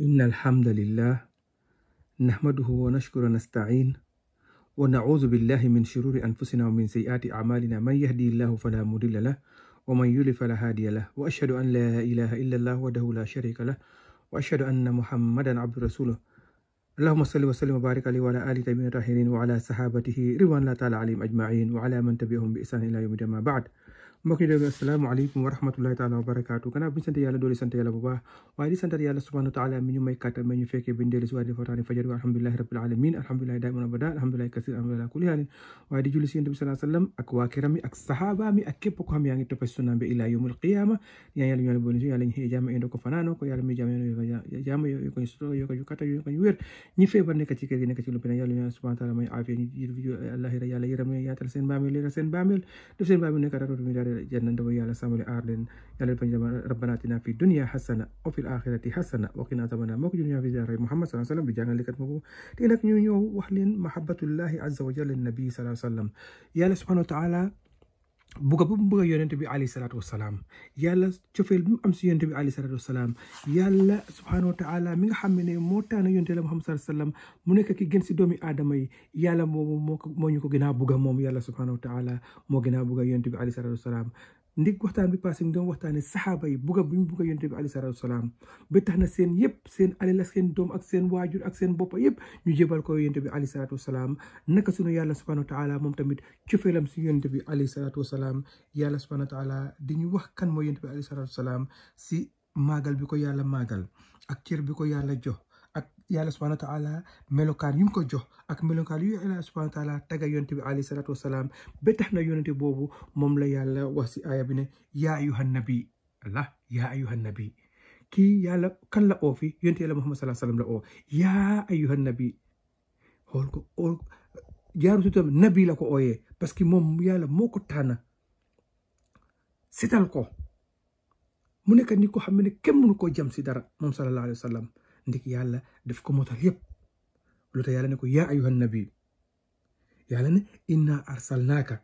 إن الحمد لله نحمده ونشكر ونستعين ونعوذ بالله من شرور أنفسنا ومن سيئات أعمالنا من يهدي الله فلا مضل له ومن يضلل فلا هادي له وأشهد أن لا إله إلا الله وحده لا شريك له وأشهد أن محمدا عبد رسوله اللهم صل وسلم وبارك عليه وعلى آل تيمين الطاهرين وعلى صحابته رضوان الله تعالى عليهم أجمعين وعلى من تبعهم بإحسان إلى يوم الدين بعد mbokk yi wa rahmatullahi abada alhamdulilahi kasir alhamdulilah kulli haalin waaye di julli si yonent bi sallallahu ak waa ak sahaaba ak képp ko xam yaa ngi topp sunna bi ilaa yawmul qiyaama ñaan yàlla ñu bon yàlla ñu xëy jàmm indo ko mi jàmm jannante ba yàlla sàmmale aar leen yàlla defal ñu rabbana atina fi dunya hasana wa fil akhirati hasana wa qina adhaban nar moo ko jur ñaa fi jaray Muhammad sallallahu alayhi wa sallam bi jàngalekat boobu te nag ñu ñëw wax leen mahabbatullahi azza wa jalla nabi sallallahu alayhi wa sallam yàlla subhanahu wa ta'ala bugga bu mu bëgg yonente bi alayhi salaatu wasalaam yàlla cofeel bi mu am si yonente bi alayhi salaatu wasalaam yàlla subhaanahu wa taala mi nga xam ne moo taana yonente la Muhammad sallallahu alayhi wasallam mu nekk ki gën si doomi aadama yi yàlla moomu moo moo ñu ko gën a bugga moom yàlla subhaanahu wa taala moo gën a bugga yonente bi alayhi salaatu wasalaam ndig waxtaan bi passé ñu waxtaan waxtaane saxaaba yi bugga bu ñu bugga yonte bi alayhi salaatu wasalaam ba tax na seen yëpp seen alal ak seen doom ak seen waajur ak seen bopp yëpp ñu jébal ko yonte bi alayhi salaatu wasalaam naka sunu yàlla subhanahu wa taala moom tamit cofeelam si yonte bi alayhi salaatu wasalaam yàlla subhanahu wa di ñu wax kan mooy yonte bi alayhi salaatu wasalaam si maagal bi ko yàlla maagal ak cër bi ko yàlla jox yàlla subhaana wa taala melokaan yu ko jox ak melokaan yu yàlla subhaana wa taala taga yonent bi alayhi salaatu wasalaam na yonent boobu moom la yàlla wax si aaya bi yaa ayuha nabi allah yaa ayuha kan la oo fi yonent yàlla muhammad salaa salaam la oo yaa ayuha nabi xool ko oo jaaru la ko ooyee parce que moom yàlla moo ko tànn sital ko ko xam ne kenn mënu koo jam si dara moom sallallahu alayhi wa ndik yàlla def ko motal yëpp lu tax yàlla ne ko yaa ayuha nabi yàlla ne inna arsalnaaka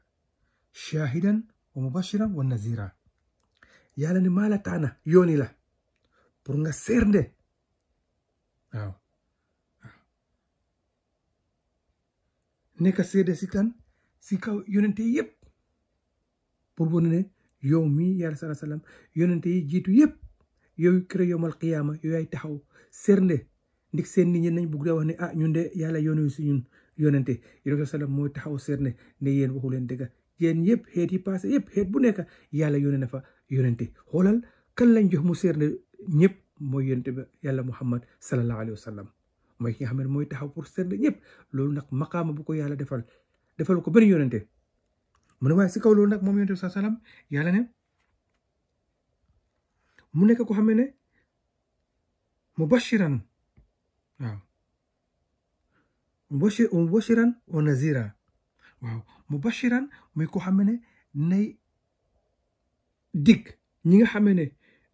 shaahidan wa mubashiran wa nazira yàlla ne maa la taana yooni la pour nga seernde waaw nekk seede si kan si kaw yonente yëpp pour bu ne yow mi yàlla sallallahu alayhi yi jiitu yëpp yooyu kër yomal qiyaama yooyaay taxaw sernde ndik seen nit ñi nañ bugg daa wax ne ah ñun de yàlla yoonu si ñun yonente yonente sallam mooy taxaw sernde ne yéen waxu leen dëgg yéen yëpp xeet yi passé yëpp xeet bu nekk yàlla yónne na fa yonente xoolal kan lañ jox mu sernde ñëpp mooy yonente ba yàlla muhammad sallallahu alayhi wa sallam mooy ki nga xam ne mooy taxaw pour sernde ñëpp loolu nag maqaama bu ko yàlla defal defal ko benn yonente mu ne waaye si kaw loolu nag moom yonente bi sallam yàlla mu nekk ko xam ne mubashiran waaw mubashir mubashiran wa nazira waaw mubashiran mooy ko xam ne nay dikk ñi nga xam ne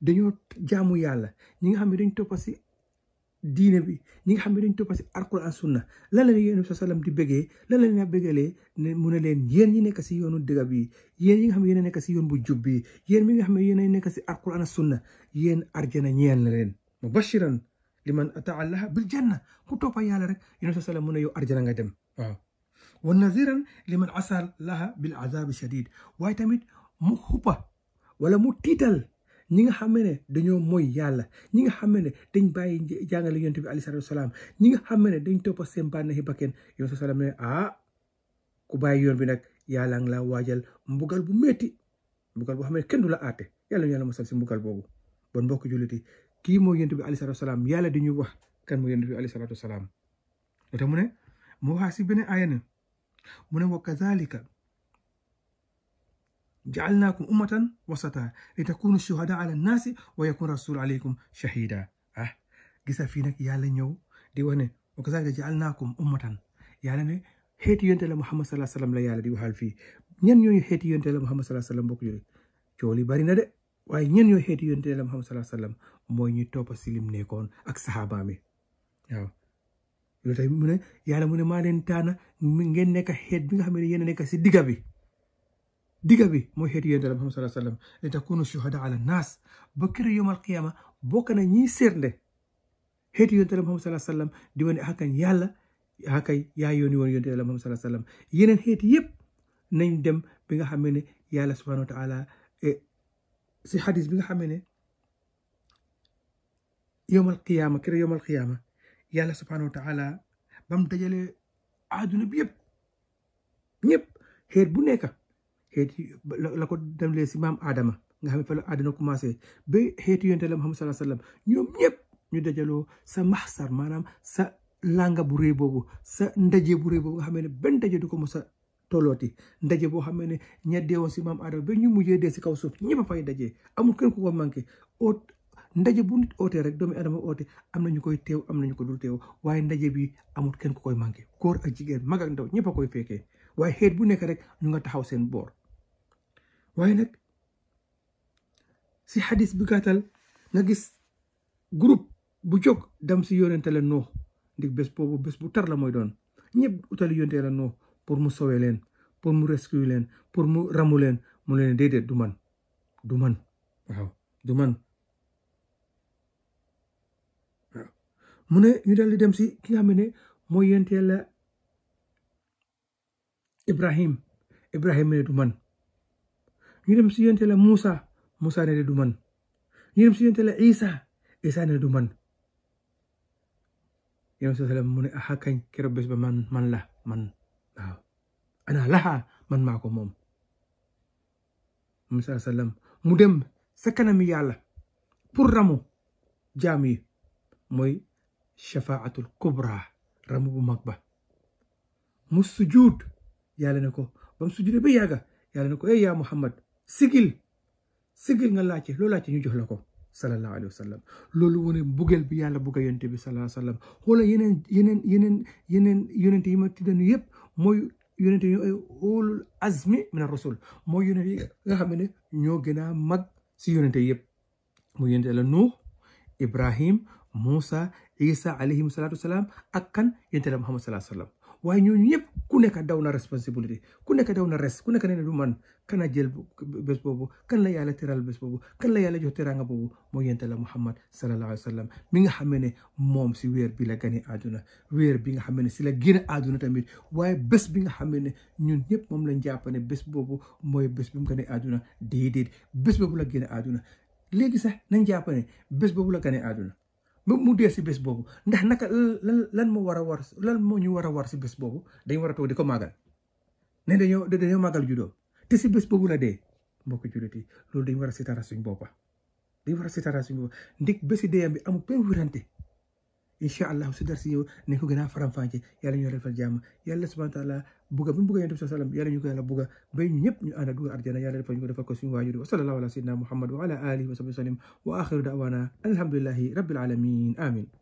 dañoo jaamu yàlla ñi nga xam ne dañ toppa diine bi ñi nga xam ne dañ toppa si alquran sunna lan la yonent bi sallam di bëggee lan la leen bëggalee ne mu ne leen yéen ñi nekk si yoonu dëgg bi yéen ñi nga xam ne yéen nekk si yoon bu jub bi yéen mi nga xam ne yéen nekk si alquran sunna yéen arjana ñeen la leen mubashiran liman ataa allaha bil janna ku toppa yàlla rek yonent bi sallam mu ne yow arjana nga dem waaw wa naziran liman asa allaha bi azabi shadid waaye tamit mu xuppa wala mu tiital ñi nga xam ne dañoo mooy yàlla ñi nga xam ne dañ bàyyi jàngale yonent bi alayhi salaatu salaam ñi nga xam ne dañ toppa seen bànneexi bakken yoon sa salaam ne ah ku bàyyi yoon bi nag yàlla nga la waajal mbugal bu metti mbugal boo xam ne kenn du la aate yàlla ñu yàlla mosal si mbugal boobu bon mbokk julliti kii mooy yonent bi alayhi salaatu salaam yàlla di ñu wax kan mooy yonent bi alayhi salaatu salaam mu ne mu waxaa si beneen aaya ne mu ne wa ja'alnaakum ummatan wasatan li takunu shuhada ala nnaasi wa yakun rasul aleykum gisa fii nag yàlla ñëw di wax ne wa kazalika ja'alnaakum ummatan yàlla ne xeeti yonte la Muhammad sallallahu alayhi wa la yàlla di waxal fii ñen ñooy xeeti yonte la Muhammad sallallahu alayhi wa sallam bokk yooyu cool yi bari na waaye ñen ñooy xeeti la Muhammad sallallahu alayhi wa mooy ñu toppa si lim ak saxaabaam yi waaw loolu mu ne yàlla mu ne maa leen ngeen nekk xeet bi nga xam ne yéen nekk si digga bi digga bi mooy xeetu yonent la Muhammad sallallahu alayhi wa sallam li takunu shuhada ala naas ba kër yawmal qiyaama bokk na ñiy seernde xeetu yonent la Muhammad sallallahu alayhi wa sallam di wane akay yàlla akay yaa yónni woon yonent la Muhammad sallallahu alayhi wa sallam yeneen xeet yëpp nañ dem bi nga xam ne yàlla subhaanahu wa taala e, si xadis bi nga xam ne yawmal qiyaama kër yawmal qiyaama yàlla subhaanahu wa taala bam dajale àdduna bi yëpp ñëpp xeet bu nekk xeeti la ko demlee si maam Adama nga xam ne fa la àddina commencé ba xeeti yonte la ma sallallahu alayhi wa sallam ñoom ñëpp ñu dajaloo sa maxsar maanaam sa langa bu rëy boobu sa ndaje bu rëy boobu nga xam ne benn ndaje du ko mos a tollooti ndaje boo xam ne ña deewoon si maam Adama ba ñu mujjee dee si kaw suuf ñëpp a fay ndaje amul kenn manqué oot ndaje bu nit rek doomu adama oote am na ñu koy teew am na ñu ko dul teew waaye ndaje bi amul kenn ku koy manqué góor ak jigéen mag ñëpp koy fekkee waaye xeet bu nekk rek ñu nga taxaw seen boor waaye nag si xadis bi gàttal nga gis groupe bu jóg dem si yónente la noo ndig bés boobu bés bu tar la mooy doon ñëpp utali yónente la noo pour mu sowe leen pour mu rescue leen pour mu ramu leen mu leen déedéet du du man waaw du man mu ne ñu dal di dem si ki nga xam ne mooy yónente la Ibrahim Ibrahim ne du man ñu dem si yonte la Moussa Moussa ne du man ñu dem si yonte la Isa Isa ne du man yonte la mu ne aha kañ ba man man la man waaw ana laha man maa ko moom Moussa sallam mu dem sa kanami yàlla pour ramu jaam yi mooy shafaatul kubra ramu bu mag ba mu sujud yàlla ne ko bam sujudee ba yàgga ne ko ey yaa Muhammad sigil sigil nga laajte loo laajte ñu jox la ko sallallahu alayhi wa loolu wane bugel bi yàlla bugga yonte bi sallallahu alayhi wa yeneen yeneen yeneen yeneen yonente yi ma tiddanu yëpp mooy yonente yi ay ulul azmi min ar-rusul mooy yonente yi nga xam ne ñoo gën a mag si yonente yëpp mu yonente la Nuux Ibrahim Musa Isa alayhim salaatu wasalaam ak kan yonente la Muhammad sallallahu alayhi wa sallam waaye nekk daw na responsabilité ku nekk daw na res ku nekk nee na du man kana jël bés boobu kan la yàlla teral bés boobu kan la yàlla jox teranga boobu moo yente la Muhammad sallallahu alayhi wa sallam mi nga xam ne moom si bi la gane àdduna weer bi nga xam ne si la génn àdduna tamit waaye bés bi nga xam ne ñun ñëpp moom lañ jàpp ne bés boobu mooy bés bi mu gane àdduna déedéet bés boobu la génn àdduna léegi sax nañ jàpp ne bés boobu la gane àdduna mu dee si bés boobu ndax naka euh, lan lan moo war a war lan moo ñu war a war si bés boobu dañu war a toog di ko màggal ne dañoo dañoo màggal juddoo te si bés boobu la dee mbokk jullit loolu dañ war a sitara suñ boppa dañ war a sitara suñ boppa ndik bési deeyam bi amul benn wérante incha allah su dar si ñëw nañ ko gën a faram-fàccee yàlla ñu defal buga bi mu bugga yonent bi buga ba ñëpp ñu ànd a dugg arjana yàlla defal ñu ko defal ko suñu waajur wa sallallahu ala sayyidina muhammad wa ala alihi alhamdulillahi rabbil alamin amin